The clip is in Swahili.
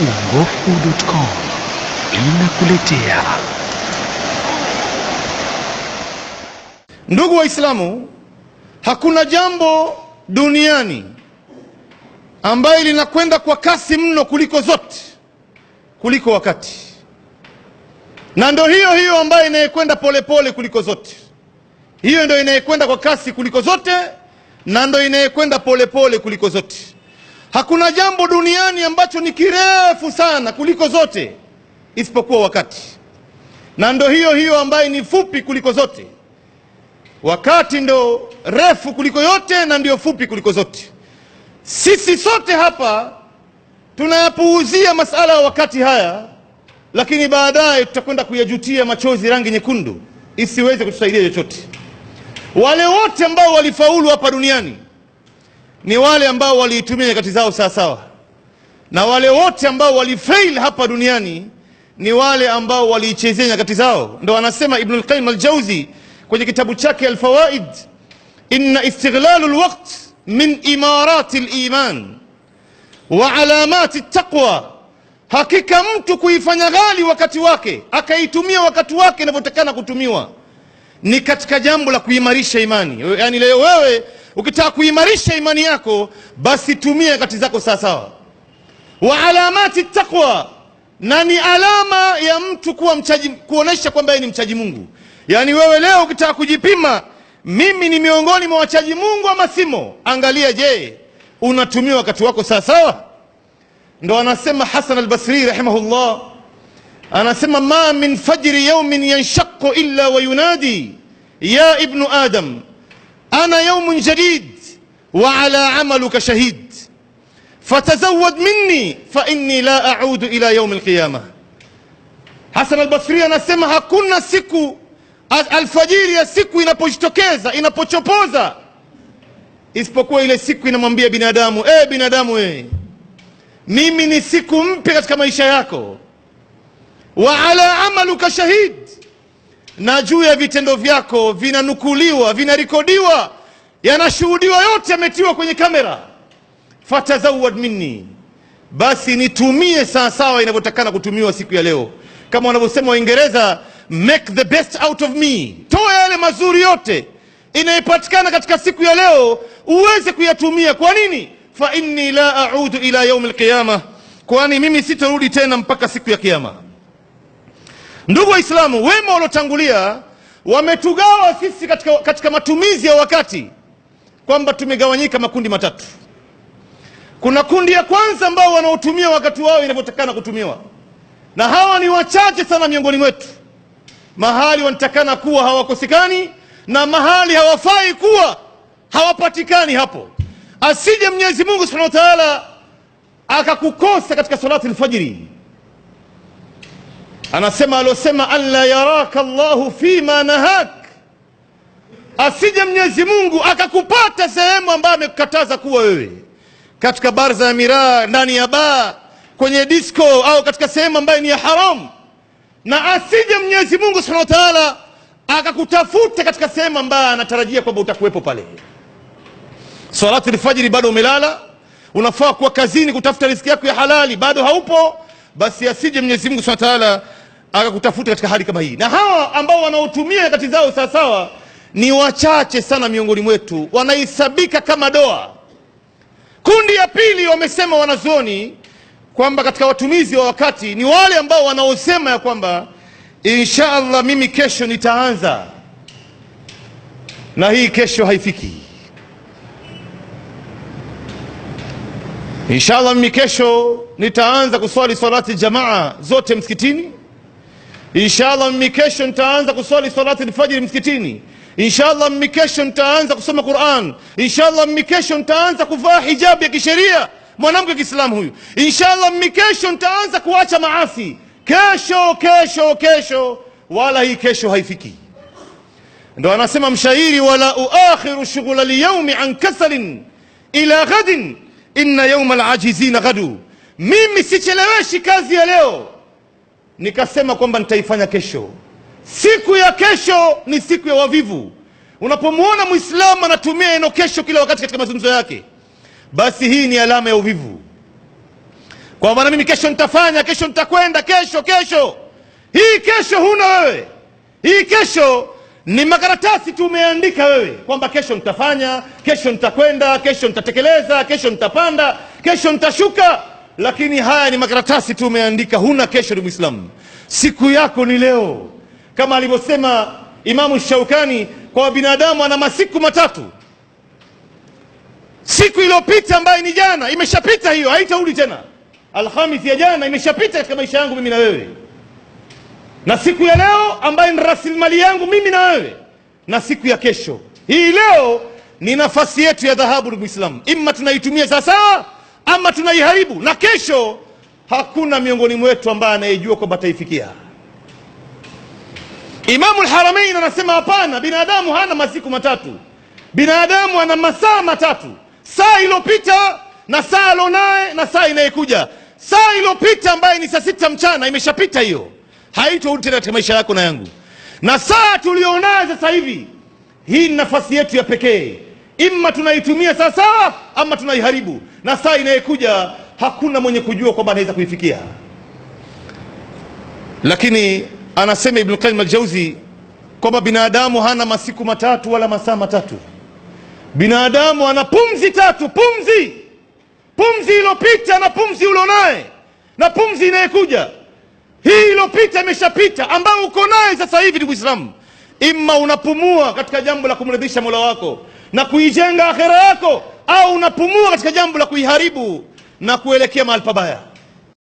Ungofu.com inakuletea. Ndugu Waislamu, hakuna jambo duniani ambayo linakwenda kwa kasi mno kuliko zote kuliko wakati, na ndo hiyo hiyo ambayo inayekwenda polepole kuliko zote, hiyo ndo inayekwenda kwa kasi kuliko zote, na ndo inayekwenda polepole kuliko zote. Hakuna jambo duniani ambacho ni kirefu sana kuliko zote isipokuwa wakati, na ndo hiyo hiyo ambayo ni fupi kuliko zote. Wakati ndo refu kuliko yote na ndio fupi kuliko zote. Sisi sote hapa tunayapuuzia masala ya wakati haya, lakini baadaye tutakwenda kuyajutia machozi rangi nyekundu isiweze kutusaidia chochote. Wale wote ambao walifaulu hapa duniani ni wale ambao waliitumia nyakati zao sawasawa, na wale wote ambao walifail hapa duniani ni wale ambao waliichezea nyakati zao. Ndo anasema ibnu lqaim aljauzi kwenye kitabu chake alfawaid ina istighlalu lwaqt min imarati liman wa alamati taqwa, hakika mtu kuifanya ghali wakati wake akaitumia wakati wake inavyotakana kutumiwa ni katika jambo la kuimarisha imani. Yani leo wewe Ukitaka kuimarisha imani yako, basi tumia kati zako sawasawa. Wa alamati taqwa, na ni alama ya mtu kuwa mchaji, kuonesha kwamba yeye ni mchaji Mungu. Yaani wewe leo ukitaka kujipima, mimi ni miongoni mwa wachaji Mungu ama simo, angalia, je, unatumia wakati wako sawasawa? Ndo anasema Hasan al-Basri rahimahullah, anasema ma min fajri yawmin yanshaqu illa wa yunadi ya ibnu adam ana yaumun jadid wa ala amaluka shahid fatazawad minni fa inni la audu ila yaumi alqiyama. Hasan al-Basri anasema hakuna siku alfajiri ya siku inapojitokeza inapochopoza isipokuwa ile siku inamwambia binadamu, e binadamu, we mimi ni siku mpya katika maisha yako, wa ala amaluka shahid na juu ya vitendo vyako vinanukuliwa, vinarikodiwa, yanashuhudiwa, yote yametiwa kwenye kamera. Fatazawad minni, basi nitumie sawasawa inavyotakana kutumiwa siku ya leo, kama wanavyosema Waingereza, make the best out of me, toa yale mazuri yote inayopatikana katika siku ya leo uweze kuyatumia. Kwa nini? fa inni la audu ila yaumi lqiyama, kwani mimi sitarudi tena mpaka siku ya Kiyama. Ndugu Waislamu, wema waliotangulia wametugawa sisi katika, katika matumizi ya wakati kwamba tumegawanyika makundi matatu. Kuna kundi ya kwanza ambao wanaotumia wakati wao inavyotakana kutumiwa, na hawa ni wachache sana miongoni mwetu. Mahali wanatakana kuwa hawakosekani na mahali hawafai kuwa hawapatikani. Hapo asije Mwenyezi Mungu Subhanahu wa Ta'ala akakukosa katika salati alfajiri anasema alosema, la yaraka Allahu fima nahak, asije Mwenyezi Mungu akakupata sehemu ambayo amekukataza kuwa wewe, katika barza ya miraa, ndani ya baa, kwenye disco au katika sehemu ambayo ni ya haramu, na asije Mwenyezi Mungu Subhanahu wa Ta'ala akakutafuta katika sehemu ambayo anatarajia kwamba utakuwepo pale. Salati alfajiri bado umelala, unafaa kuwa kazini kutafuta riziki yako ya halali, bado haupo basi asije Mwenyezi Mungu Subhanahu wa Ta'ala akakutafuta katika hali kama hii. Na hawa ambao wanaotumia nyakati zao sawasawa ni wachache sana miongoni mwetu, wanahesabika kama doa. Kundi ya pili wamesema wanazuoni kwamba katika watumizi wa wakati ni wale ambao wanaosema ya kwamba insha Allah mimi kesho nitaanza, na hii kesho haifiki. Inshallah mimi kesho nitaanza kuswali salati jamaa zote msikitini. Inshallah mimi kesho nitaanza kuswali salati alfajiri msikitini. Inshallah mimi kesho nitaanza kusoma Qur'an. Inshallah mimi kesho nitaanza kuvaa hijab ya kisheria, mwanamke Kiislamu huyu. Inshallah mimi kesho nitaanza kuacha maasi. Kesho, kesho, kesho, wala hii kesho haifiki. Ndio anasema mshairi, wala uakhiru shughla lyaumi an kasalin ila ghadin inna yauma alajizina ghadu, mimi sicheleweshi kazi ya leo nikasema kwamba nitaifanya kesho. Siku ya kesho ni siku ya wavivu. Unapomwona Muislamu anatumia neno kesho kila wakati katika mazungumzo yake, basi hii ni alama ya uvivu, kwa maana mimi kesho nitafanya, kesho nitakwenda, kesho kesho. Hii kesho huna wewe, hii kesho ni makaratasi tu umeandika wewe kwamba kesho nitafanya, kesho nitakwenda, kesho nitatekeleza, kesho nitapanda, kesho nitashuka, lakini haya ni makaratasi tu umeandika, huna kesho. Ni Muislamu, siku yako ni leo, kama alivyosema Imamu Shaukani kwa binadamu ana masiku matatu. Siku iliyopita ambayo ni jana imeshapita, hiyo haitarudi tena. Alhamisi ya jana imeshapita katika maisha yangu mimi na wewe na siku ya leo ambaye ni rasilimali yangu mimi na wewe, na siku ya kesho. Hii leo ni nafasi yetu ya dhahabu, ndugu Muislamu, imma tunaitumia sasa ama tunaiharibu, na kesho hakuna miongoni mwetu ambaye anayejua kwamba ataifikia. Imamu lharamein anasema hapana, binadamu hana masiku matatu, binadamu ana masaa matatu: saa iliyopita na saa alonaye na saa inayekuja. Saa iliyopita ambaye ni saa sita mchana imeshapita hiyo haitoudi tena katika maisha yako na yangu. Na saa tulionayo sasa hivi, hii ni nafasi yetu ya pekee, ima tunaitumia sawasawa, ama tunaiharibu. Na saa inayekuja hakuna mwenye kujua kwamba anaweza kuifikia, lakini anasema ibnu Qayyim aljauzi kwamba binadamu hana masiku matatu wala masaa matatu. Binadamu ana pumzi tatu, pumzi pumzi iliopita na pumzi ulionaye na pumzi inayekuja hii iliyopita imeshapita, ambayo uko naye sasa hivi ni Uislamu. Ima unapumua katika jambo la kumridhisha Mola wako na kuijenga akhera yako, au unapumua katika jambo la kuiharibu na kuelekea mahali pabaya.